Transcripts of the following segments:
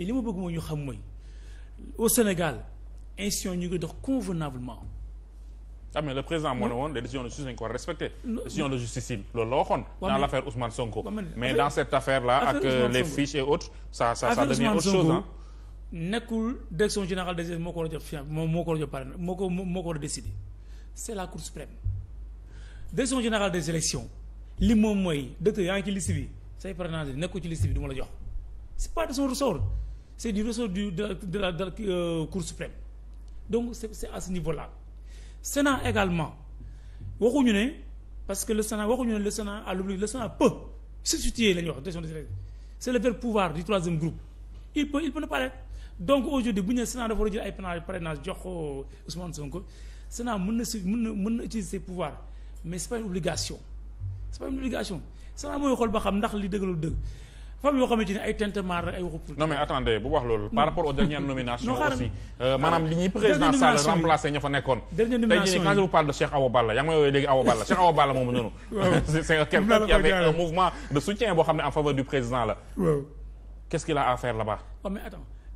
mais li ma bëgg mooy ñu xam mooy au Sénégal institution ñu ngi dox convenablement. ah mais le président moo ne woon les décisions de justice dañu ko war a respecté. décision de justice loolu la waxoon. dans l' affaire Sonko. mais dans cette affaire là ak les fiches et autres. ça ça ça devient autre chose ah. nekkul direction générale des moo ko war a jox fian moom moo ko war a jox parrain moo ko moo ko war la cour suprême direction générale des élections li moom mooy docteur yaa ngi ci liste bi say parrainage nekkul ci liste bi du la jox c' est c'est du ressort du de la de la, de la euh, Cour suprême donc c'est à ce niveau-là Sénat également waxuñu ne parce que le Sénat waxuñu ne le Sénat a l'obligation le Sénat peut substituer la ñuy wax gestion des c'est le vrai pouvoir du troisième groupe il peut il peut ne donc aujourd'hui bu ñu nee Sénat dafa war a jël ay parrainage parrainage jox ko Ousmane Sonko Sénat mun na si mun na mën na utiliser ses pouvoirs mais c'est pas une obligation c'est pas une obligation Sénat mooy xool ba xam ndax li dëgg la femme yoo xamante ni ay tintamarre ay waxu. non mais attendez bu wax loolu. par rapport aux dernières nominations. aussi euh, maanaam li ñuy président Sall remplacé ña fa nekkoon. dernière nomination la tey jii quand je vous parle de Cheikh Awa Balla yaa ngi may woowee léegi Awa Balla Cheikh Awa mouvement de soutien boo xam ne en faveur du président la. waaw qu'est-ce qu'il a à faire là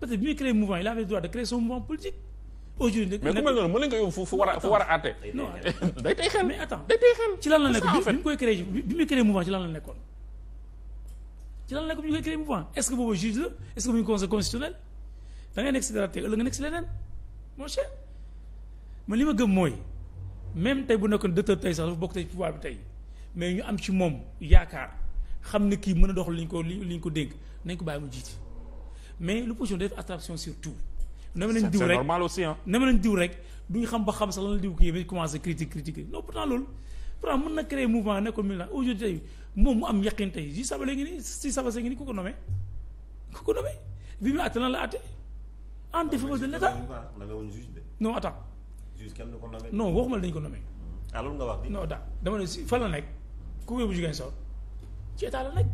peut-être bi muy créer mouvement il avait le droit de créer son mouvement politique. aujourd'hui mais ku mel noonu mën nañu ko yóbbu fu war a fu war a àtte. day tey xel mais attends day tey xel. ci lan la nekkoon bi mu koy créer bi muy créer mouvement ci lan la nekkoon. ci lan la nekkoon bi ñu koy créer mouvement est-ce que boobu juge la est-ce que bu ñu conseil constitutionnel da ngay nekk si dara tey ëllëg nga nekk si leneen mon cher man li ma gëm mooy même tey bu nekkoon docteur tey sax dafa bokk tey pouvoir bi tey mais ñu am ci moom yaakaar xam ne kii mën a doxal li ñu ko li ñu ko dégg nañ ko bàyyi mu jiiti. mais lu l'opposition def attraction sur tout. nama nañ diw rek c'est normal aussi ah. nama nañ diw rek duñ xam ba xam sax lan la diw kii bi commencé critique critiquer non pourtant loolu pourtant mën na créer mouvement nekkoon mi la aujourd'hui tey moom mu am yaqin tey si sabale ngi nii si sabase ngi nii ku ko nommé ku ko nommé bi mu àtte lan la àtte en défense de l'état non attends non waxuma la ko nommé ah loolu nga wax da dama ne si fan la nekk ku wéebu jigéen sor ci état la nekk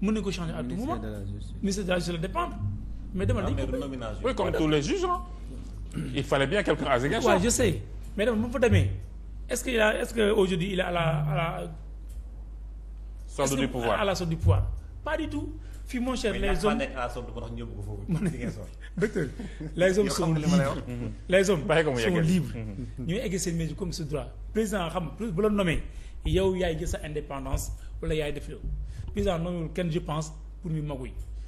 mën nañu ko change à tout moment ministre de la justice la dépendre mais demal dañ ko oui comme tous les juges ah. il fallait bien quelqu'un à Ziguinchor. waaw je sais mais demal bu demee est-ce il a la à la. solde du pouvoir à la solde fii mon cher les hommes docteur les hommes son libres les hommes sont libres mhm. ñooy egg seen maison comme ce droit président xam bu la nommé yow yaay jël sa indépendance wala yaay def loolu président nommewul kenn je pense pour mu maguy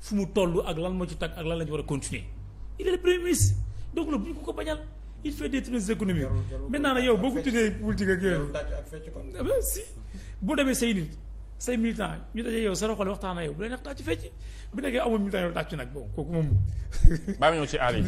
fu mu toll ak lan moo ci tag ak lan la war a continuer il est le premier ministre donc loolu bu ñu ko ko bañal il fait des tournées nag yow boo ko tuddee politique ak yooyu ah si boo demee say nit say militant ñu dajee yow sa roxale waxtaan ak yow bu la neex tàcc fecc bu nekkee amul militant yow tàcc nag bon kooku moom baa ma ñëw ci àll